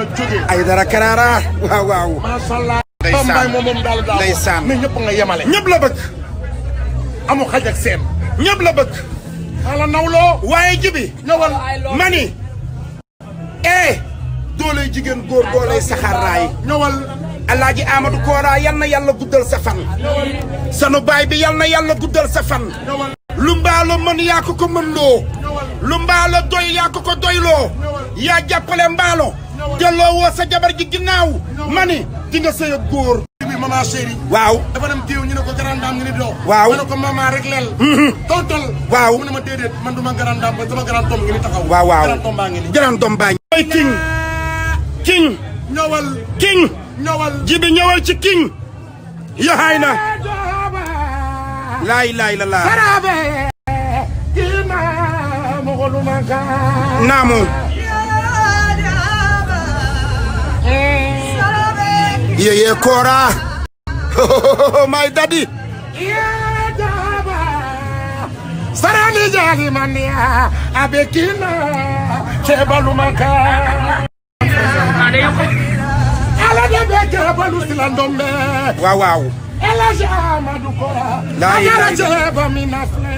la jógee. ay dara karaara waaw waaw. macha allah. ndeysaan moom ñëpp la bëgg. amu xaj ak seen. ñëpp la bëgg. xala nawloo. waaye jibi. mani. eh. dooley jigéen góor dooley saxaar raay. ñëwal. alaaji Amadou Kora yal na yàlla guddal sa fan. sanu baay bi yal na yàlla guddal sa lu mbaalo mën yaa ko ko mën loo. lu mbaalo doy yaa ko ko doyloo. yaa jàppale mbaalo. Wow. sa jabar gi Wow. Wow. Wow. di nga Wow. ak Wow. Wow. Wow. Wow. dafa dem Wow. ñu ne ko Wow. dame Wow. Wow. Wow. Wow. Wow. Wow. ko Wow. rek Wow. Wow. Wow. mu ne ma Wow. man Wow. Wow. Wow. dame ba sama Wow. tom ngi ni taxaw Wow. Wow. Wow. tom Wow. ngi ni Wow. tom Wow. ngi Wow. king king ñowal king ñowal jibi ñowal ci king Wow. Wow. Wow. Wow. la Wow. Wow. yeye Kora my daddy sarani jali mania abekina chebalu maka ala de be chebalu silandombe waaw waaw ala jama du Kora ala jaba minafle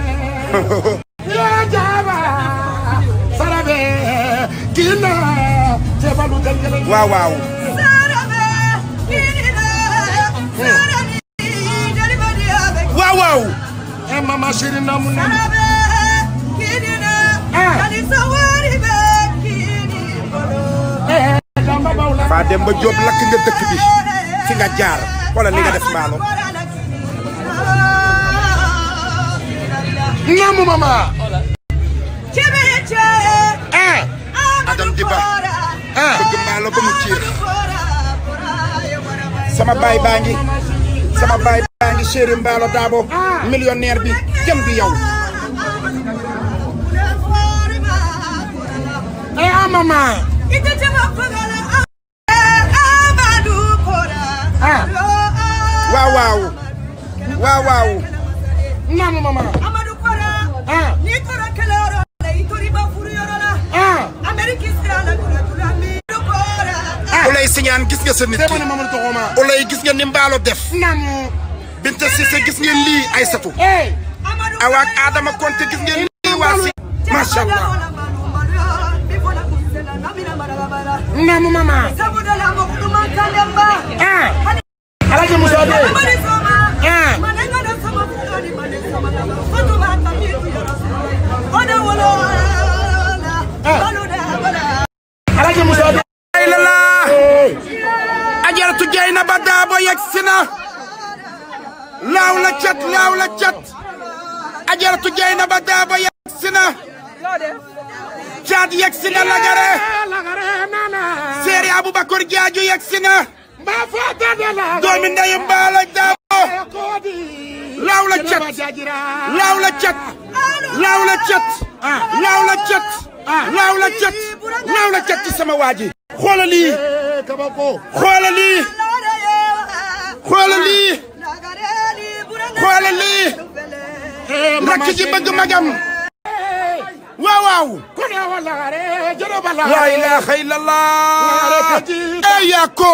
ya jaba sarabe kina chebalu gangele waaw waaw mama chéri ba Jóob lakk nga dëkk bi fi nga jaar wala li nga def maalo namu mama ah adam di ba ah eh. bëgg maalo ba mu ciir sama baay baa ngi sama baay di chéri Mballo Dabo millionnaire bi jëm bi yow ay amama ah, ah waaw waaw waaw waaw naam mama ah Oulaye ah. ah. Signane gis nga sa nit ki Oulaye gis nga ni Mballo def naam Binta Cissé gis ngeen li ay eh awak Adama Konté gis ngeen si macha namu mama ah alaji Musa de ah alaji Musa laaw la cat laaw la cat ajaratu jay na ba daaba yegsi na caat yegsi na lagare seeri Aboubacar Diadio yegsi na doomi ndeyu mbaala daabo laaw la cat laaw la cat laaw la cat laaw la cat laaw la cat laaw la cat ci sama ji xoolal lii xoolal lii xoole lii rakk ji bëgg magam waaw waaw la ilaha illallah e yako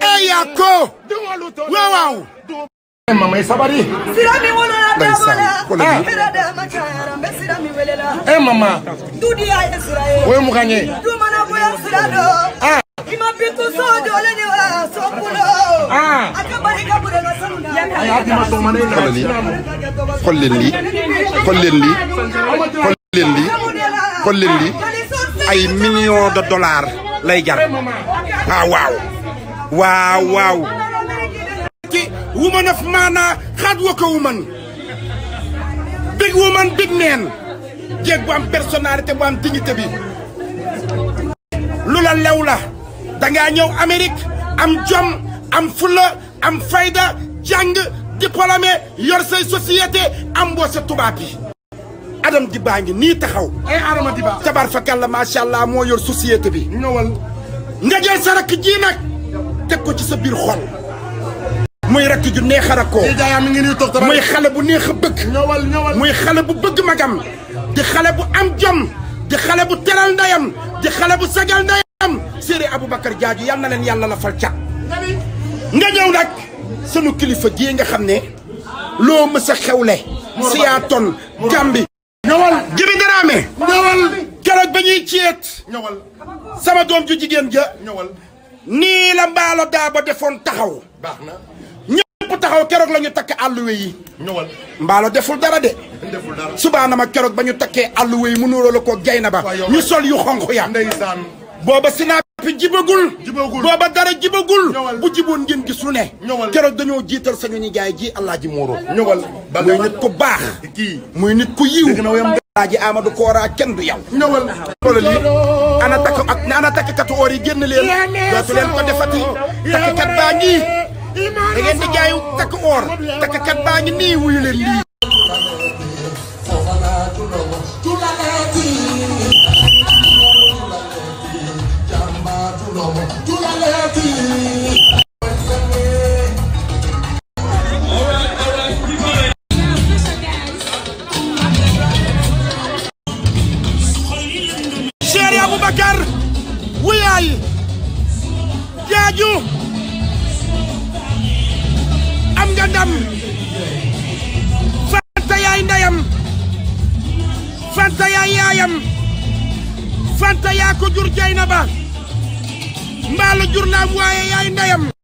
e yako waaw waaw mamay sabari sirami wolola dabola Eh mama dudiya israel oye muganye dumana boya sirado ah. ima bintu sojo lenye wa sokulo xool leen lii xool leen lii ay millions de dollars lay jar wow, wow. Wow, waaw woman of mana? xaat woman big woman big man jeeg bu am personnalité bu am dignité bi lula. la lew la am jom am fulla am fayda jàng diplômé yor say société am boo sa tubaab bi Adam Diba ngi nii taxaw ay eh, Adama Diba tabar fakal la macha allah moo yor société bi ñëwal nga jël sa rakk ji nag te ko ci sa biir xol muy rakk ju neex a rakkoo eh, muy xale bu neex a bëgg muy xale bu bëgg magam di xale bu am jom di xale bu teral ndeyam di xale bu sagal ndeyam séeré Aboubacar Diadio yal na leen yàlla la fal cat nga ñëw nag sunu kilifa gii nga xam ne loo mës a xewle Siyaton Gàmbi ñëwal Djiby Dramé ñëwal keroog ba ñuy ceet ñëwal sama doom ju jigéen ja ñëwal nii la mbaalo daa ba defoon taxaw baax na ñëpp taxaw keroog la ñu takk àlluwe yi ñëwal mbaalo deful dara de deful dara subaana ma keroog ba ñu takkee àlluwe yi mu nuroo la ko gay na ba ñu sol yu xonq ya ndeysaan booba sinaa jibagul jibagul boba dara jibagul bu jibon ngeen gis lu ne keroog dañoo jiital sañu ñi jaay ji Alaaji Mooro ba muy nit ku baax ki muy nit ku yiw Alaaji Amadou Koora kenn du yow li ana tak ak nana tak katu ori genn leen dootu leen ko defati tak kat ngi da ngeen di jaayu tak or tak kat ngi ni wuyu leen li Abubakar Wulaay Jaaju am nga fanta yaay ndeyam fanta yaay yaayam fanta yaa jur Jaynaba mbaalu jur laam waaye yaay ndeyam